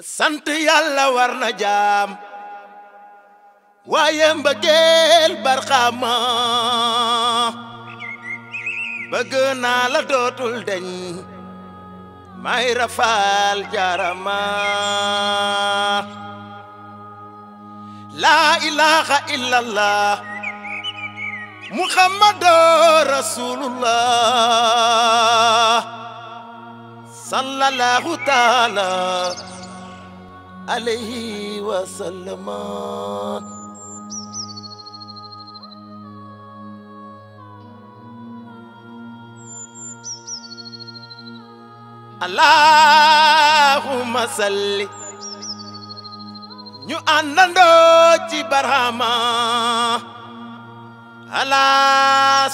sant yàlla war na jaam waaye mbëggeel barxaama bëgg naa la dootul deñ may rafaal jaarama laa ilaha illallah muhammadu rasulullah sallallahu taala alayhi wa sallama allahumma ñu àndandoo ci barhama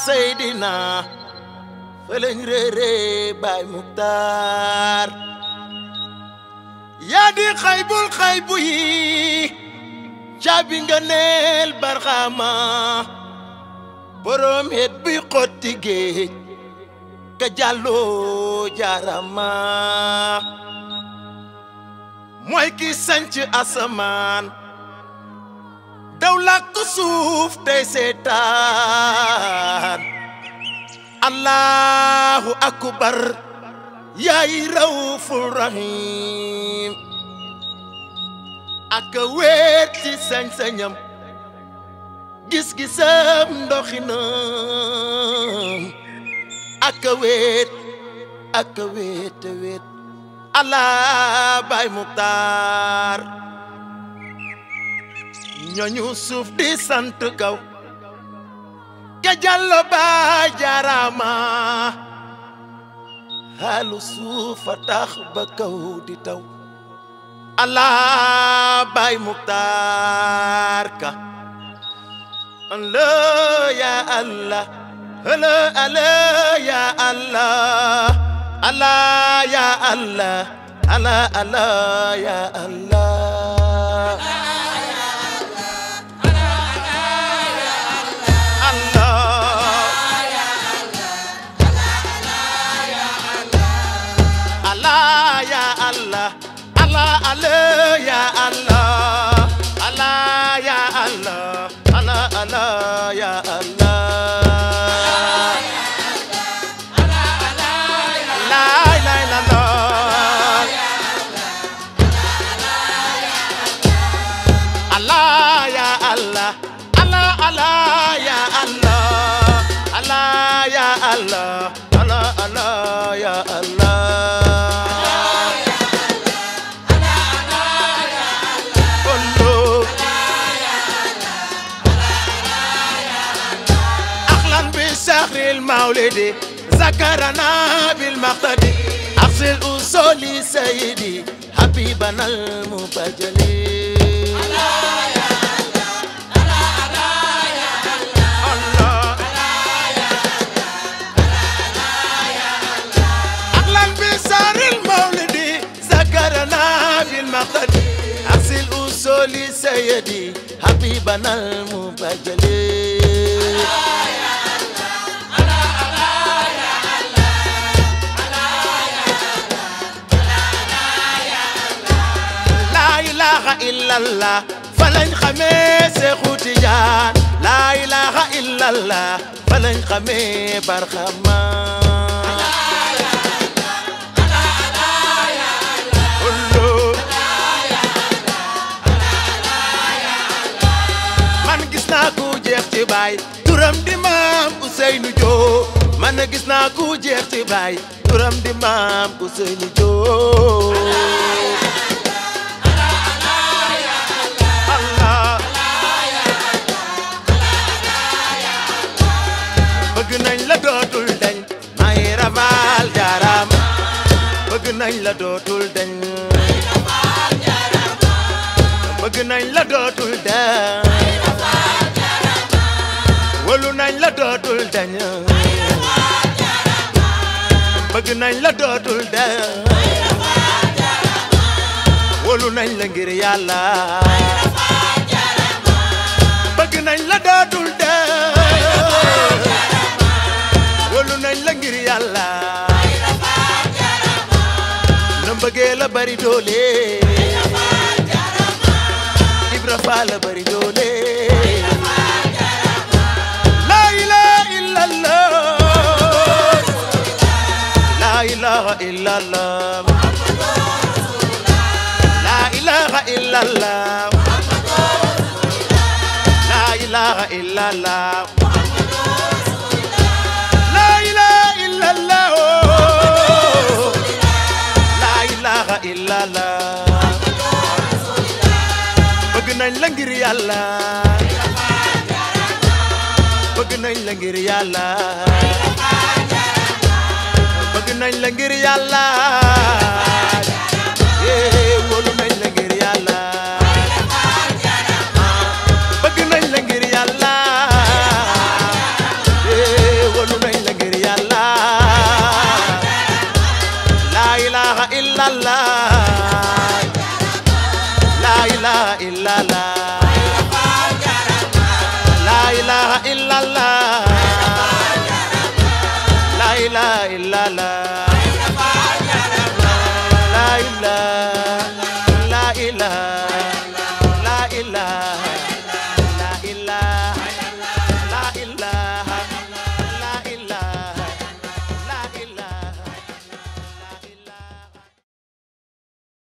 seydina fëleñ réeré bay muktar yaa di xaybul xaybu caabi nga neel barxaama boroom het buy xotti géej ka jàlloo jaarama mooy ki sanc asamaan daw làkk suuf tey seetaan allahu akbar yaay rawful rahim ak a wéet ci sañ-sañam gis-gisam ndoxinam ak wéet ak a wéet a wéet allah bay muktaar ñooñu suuf di sant kaw ka jàllo ba jarama xaalu suufa tax ba kaw di taw allah bay muktaar ka allah ya allah ala ala ya allah allah ya allah ala ala ya allah Allah ya Allah Allah Allah ya Allah Allah ya Allah Allah Allah ya Allah Allah, Allah, ya Allah, Allah, Allah, ya Allah. مولدي ذكرنا بالمقتدي أغسل أصولي سيدي حبيبنا المبجلي الله يا المقتدي أغسل أصولي سيدي حبيبنا المبجلي illallah fa lañ xamee Seexu Tijaan laa ilaha illallah fa lañ xamee Barxama naa ku jeex ci baay turam di maam Ousseynou Diop man gis naa jeex ci baay turam di maam Ousseynou Diop nañ la dootul dañ bëgg nañ la dootul dañ wëlu nañ la dootul dañ bëgg nañ la dootul dañ wëlu nañ la ngir yàlla bëgg nañ la dootul dañ بغيلا بري دولي إبرا لا اله الا الله لا اله الا الله لا اله الا الله ilaha illallah bëgg nañ la ngir yàlla bëgg nañ la ngir yàlla bëgg nañ la ngir yàlla la